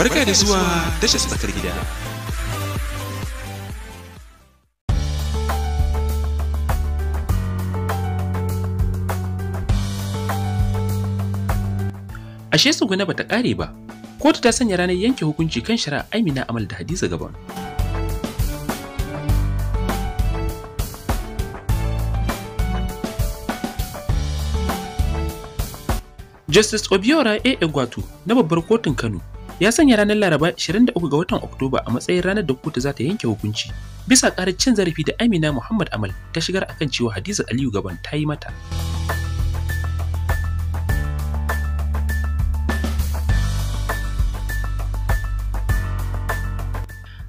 Barka da zuwa tashar tsakar gida. Ashe tsuguna bata ƙare ba, kotu ta sanya ranar yanke hukunci kan shara Amina Amal da Hadiza Gaban. Justice Obiora A. Egwatu na babbar kotun Kano ya sanya ranar Laraba 23 ga watan Oktoba a matsayin ranar da kotu za ta yanke hukunci bisa ƙarar cin zarafi da Amina Muhammad Amal ta shigar akan cewa Hadiza Aliyu Gaban ta yi mata.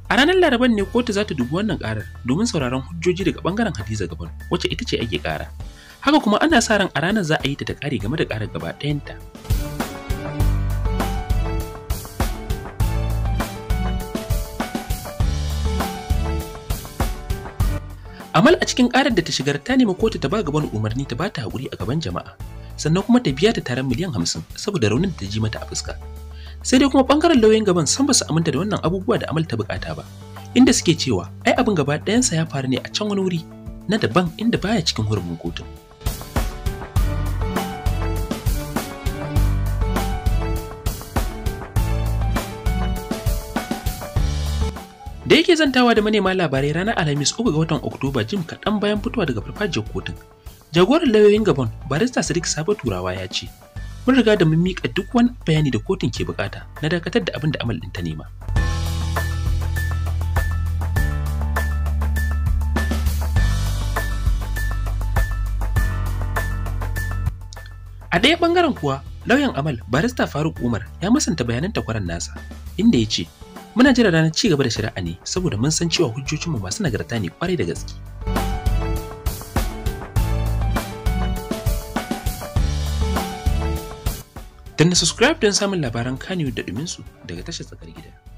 A ranar Laraban ne kotu za ta dubi wannan ƙarar, domin sauraron hujjoji daga bangaren Hadiza Gaban wacce ita ce ake ƙara? Haka kuma ana sa ran a ranar za a yi ta ta ƙare game da ƙarar gaba ɗayanta. Amal a cikin karar da ta shigar ta nemi kotu ta ba gaban umarni ta bata haƙuri a gaban jama'a, sannan kuma ta biya ta taron miliyan hamsin saboda raunin ta ji mata a fuska. Sai dai kuma ɓangaren lauyoyin gaban san ba su aminta da wannan abubuwa da Amal ta buƙata ba, inda suke cewa ai abin gaba ɗayansa ya faru ne a can wani wuri na daban inda baya cikin hurumin kotun. da yake zantawa da manema labarai ranar alhamis uku ga watan oktoba jim kaɗan bayan fitowa daga farfajiyar kotun jagoran lauyoyin gabon barista sadiq sabo turawa ya ce mun riga da mun miƙa duk wani bayani da kotun ke bukata na dakatar da abin da amal ɗin ta nema a ɗaya ɓangaren kuwa lauyan amal barista faruk umar ya masanta bayanan takwaran nasa inda ya ce Muna jira ranar ci gaba da shari'a ne saboda mun san cewa hujjojinmu masu nagarta ne kwarai da gaske. Danna subscribe don samun labaran kaniyu da ɗuminsu daga tashar tsakar gida.